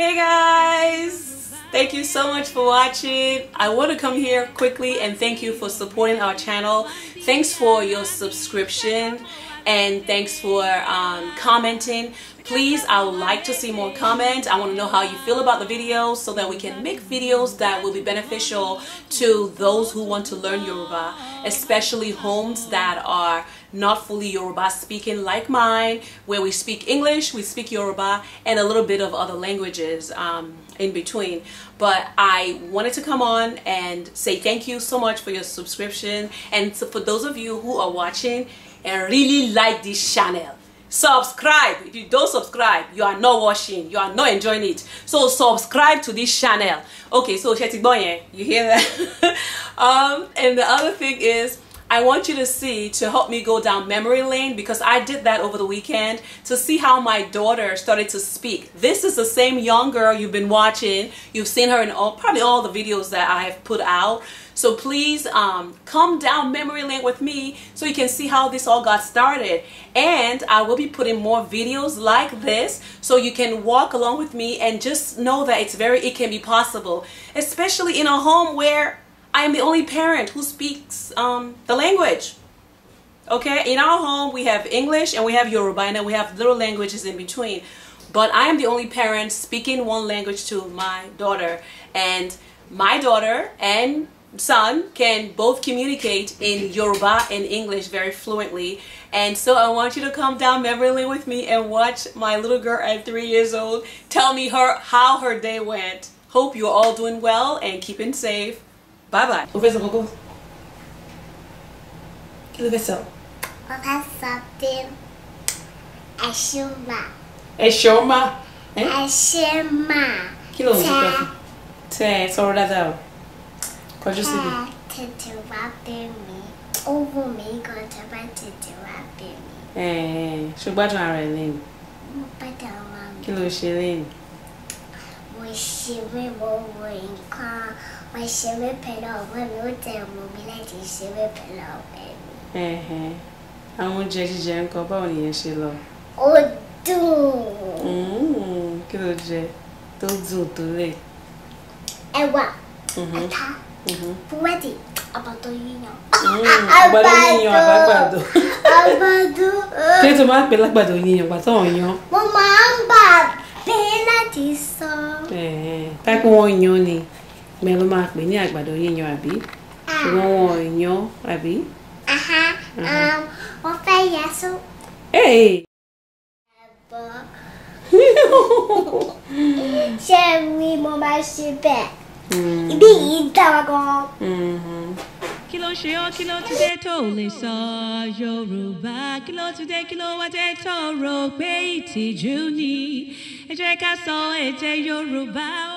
Hey guys! Thank you so much for watching. I want to come here quickly and thank you for supporting our channel. Thanks for your subscription and thanks for um, commenting. Please, I would like to see more comments. I want to know how you feel about the videos so that we can make videos that will be beneficial to those who want to learn Yoruba, especially homes that are not fully Yoruba speaking like mine, where we speak English, we speak Yoruba, and a little bit of other languages um, in between. But I wanted to come on and say thank you so much for your subscription. And so for those of you who are watching and really like this channel, subscribe if you don't subscribe you are not watching you are not enjoying it so subscribe to this channel okay so you hear that um and the other thing is I want you to see to help me go down memory lane because I did that over the weekend to see how my daughter started to speak. This is the same young girl you've been watching. You've seen her in all, probably all the videos that I have put out. So please um, come down memory lane with me so you can see how this all got started. And I will be putting more videos like this so you can walk along with me and just know that it's very, it can be possible, especially in a home where I am the only parent who speaks um, the language. Okay, in our home we have English and we have Yoruba and we have little languages in between. But I am the only parent speaking one language to my daughter. And my daughter and son can both communicate in Yoruba and English very fluently. And so I want you to come down memory lane with me and watch my little girl at three years old tell me her how her day went. Hope you're all doing well and keeping safe. Bye bye. O fẹ́ sọ kókó? Kí ló fẹ́ sọ? Mo fẹ́ sọ pé ẹ̀ṣọ́ mà. Ẹ̀ṣọ́ mà. Ẹ̀ṣẹ́ mà. Kí ló ń sọ pé? Tẹ ẹ sọ̀rọ̀ dáadáa o. Kọjú síbi. Tètè wá bẹ̀ mí. Ó wù mí gan tó bá tètè wá bẹ̀ mi ṣe mí gbogbo nǹkan wọ́n ṣe mí pẹ̀lú ọ̀gbọ́n mi ó tẹ̀ mú mi láti ṣe mí pẹ̀lú ọ̀gbẹ́ mi. àwọn oúnjẹ jíjẹ nǹkan báwo nìyẹn ṣe lọ. ó dùn. Mm, kí ló jẹ tó dùn tó lè. ẹ̀wà mm-hmm. ata mm-hmm. búrẹ́dì àbàtò yíyan. Mm, àbàtò yíyan àbàgbàdo. àbàdo. kí ló tó máa ń pè lágbàdo yíyan pàtó ọ̀yan. mo máa ń gbà pé láti sọ pé wọ́n yan ni gbẹ máa pè ní àgbàdo yíyan àbí ṣùgbọ́n wọn ò yan àbí. wọ́n um, fẹ́ yà sún. ṣé mi mo máa ṣe bẹ́ẹ̀ ibi hmm. yìí dára gan. Hmm. kí ló ṣe ọ́ kí ló tún dé tó lè sọ Yorùbá kí ló tún dé kí ló wá dé tó rò pé ìtìjú ni ẹ jẹ́ ká sọ èdè Yorùbá ó.